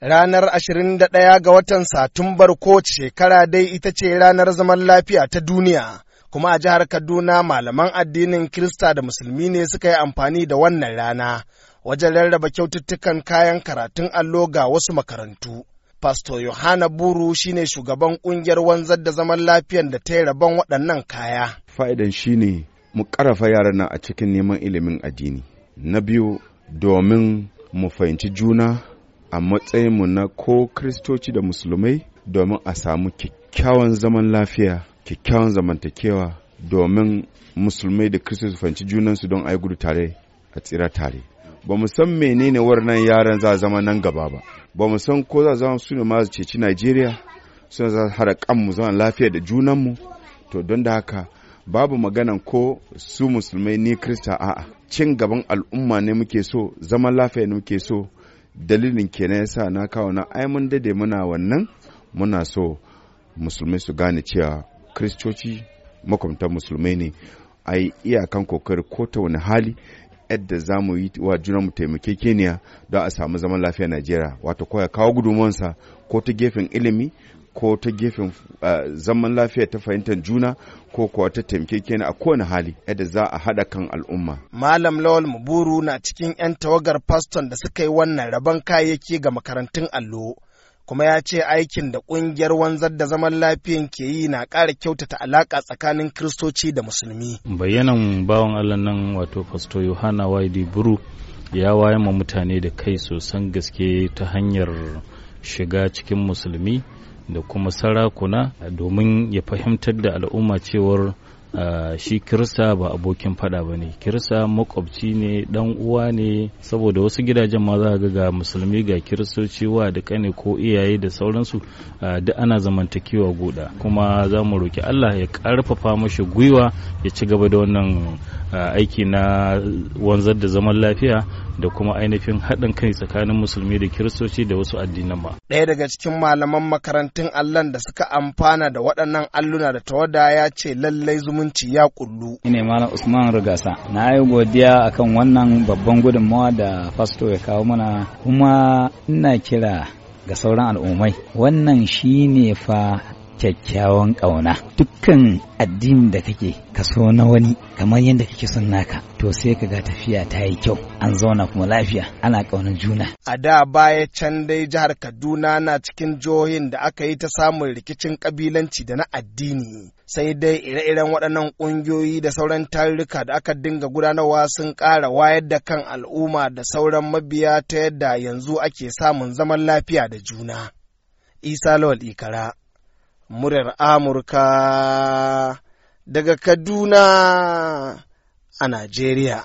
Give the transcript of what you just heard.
Ranar ashirin da ɗaya ga watan Satumbar kowace shekara dai ita ce ranar zaman lafiya ta duniya, kuma a jihar Kaduna malaman addinin Kirista da Musulmi ne suka yi amfani da wannan rana wajen rarraba kyaututtukan kayan karatun allo ga wasu makarantu. Pasto Yohana Buru shine shugaban ƙungiyar wanzar da zaman lafiyar da ta yi rabon waɗannan kaya. Fa'idan shine mu ƙarafa yaran nan a cikin neman ilimin addini. Na biyu domin mu fahimci juna a matsayinmu na ko kristoci da musulmai domin a samu kyakkyawan zaman lafiya kyakkyawan zamantakewa domin musulmai da kristo su fanci junansu don ai gudu tare a tsira tare ba mu san menene wannan yaran za zama nan gaba ba ba mu san ko za zama su ne ma su ceci najeriya suna za hada kanmu zaman lafiya da junanmu to don da haka babu maganan ko su musulmai ni krista a'a cin gaban al'umma ne muke so zaman lafiya ne muke so dalilin kenan yasa na kawo na ai mun dade muna wannan muna so musulmai su gane cewa kristoci makwamtan musulmai ne a yi iyakan kokari ko ta wani hali yadda za mu yi wa junanmu keniya don a samu zaman lafiya Najeriya wato ko ya kawo gudunmuwansa ko ta gefen ilimi ko ta gefen eh, zaman lafiya ta fahimtar juna ko kuwa ta taimakekeniya a kowane hali yadda za a haɗa kan al'umma. Malam Lawal Muburu na cikin 'yan tawagar faston da suka yi wannan rabon kayayyaki ga makarantun allo. kuma ya ce aikin da ƙungiyar wanzar da zaman lafiyan ke yi na ƙara kyautata alaƙa tsakanin kiristoci da musulmi. Bayanan bawan Allah nan wato Fasto Yohana Waidi Buru ya waye ma mutane da kai sosan gaske ta hanyar shiga cikin musulmi da kuma sarakuna domin ya fahimtar da al'umma cewar shi kirista ba abokin fada ba ne kirista makwabci ne dan uwa ne saboda wasu gidajen ma za ga ga musulmi ga kiristoci wa da kane ko iyaye da sauransu duk ana zamantakewa guda kuma za mu roki Allah ya karfafa mashi gwiwa ya ci gaba da wannan aiki na wanzar da zaman lafiya da kuma ainihin haɗin kai tsakanin musulmi da kiristoci da wasu addinan ma. Ɗaya daga cikin malaman makarantun allon da suka amfana da waɗannan alluna da tawada ya ce lallai zumunci ya kullu. Ine ne Malam Usman Rugasa. Na yi godiya akan wannan babban gudunmawa da fasto ya kawo mana kuma ina kira ga sauran al'ummai wannan shine fa kyakkyawan ƙauna dukkan addinin da kake kaso na wani kamar yadda kake son naka to sai ka ga tafiya ta yi kyau an zauna kuma lafiya ana ƙaunar juna a da baya can dai jihar kaduna na cikin jihohin da aka yi ta samun rikicin kabilanci da na addini sai dai ire-iren waɗannan ƙungiyoyi da sauran tarurruka da aka dinga gudanarwa sun ƙara wayar da kan al'umma da sauran mabiya ta yadda yanzu ake samun zaman lafiya da juna isa lawal ikara muryar Amurka daga Kaduna a Najeriya.